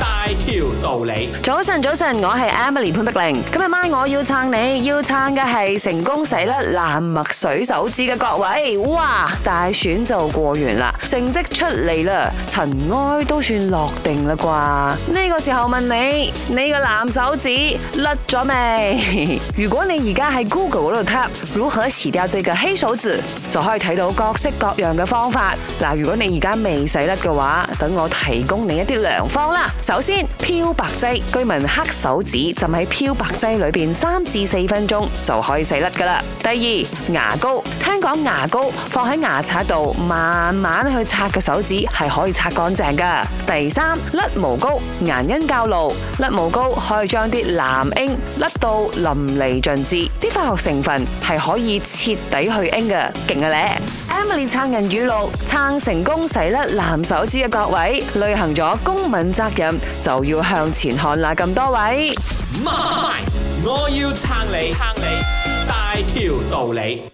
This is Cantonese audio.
大條道理，早晨早晨，我係 Emily 潘碧玲。今日晚我要撐你，要撐嘅係成功洗甩藍墨水手指嘅各位。哇，大選就過完啦，成績出嚟啦，塵埃都算落定啦啩？呢個時候問你，你個藍手指甩咗未？如果你而家喺 Google 嗰度 Tap，如何洗掉這個黑手指，就可以睇到各式各樣嘅方法。嗱，如果你而家未洗甩嘅話，等我提供你一啲良方啦。首先漂白劑，居民黑手指浸喺漂白劑裏邊三至四分鐘就可以洗甩㗎喇。第二，牙膏，聽講牙膏放喺牙刷度慢慢去刷嘅手指係可以刷乾淨㗎。第三，甩毛膏，牙齦膠露、甩毛膏可以將啲藍纓甩到淋漓盡致。化學成分係可以徹底去 In 嘅，勁嘅咧！Emily 撐人語錄，撐成功洗甩藍手指嘅各位，履行咗公民責任就要向前看啦！咁多位，MY，我要撐你，撐你大條道理。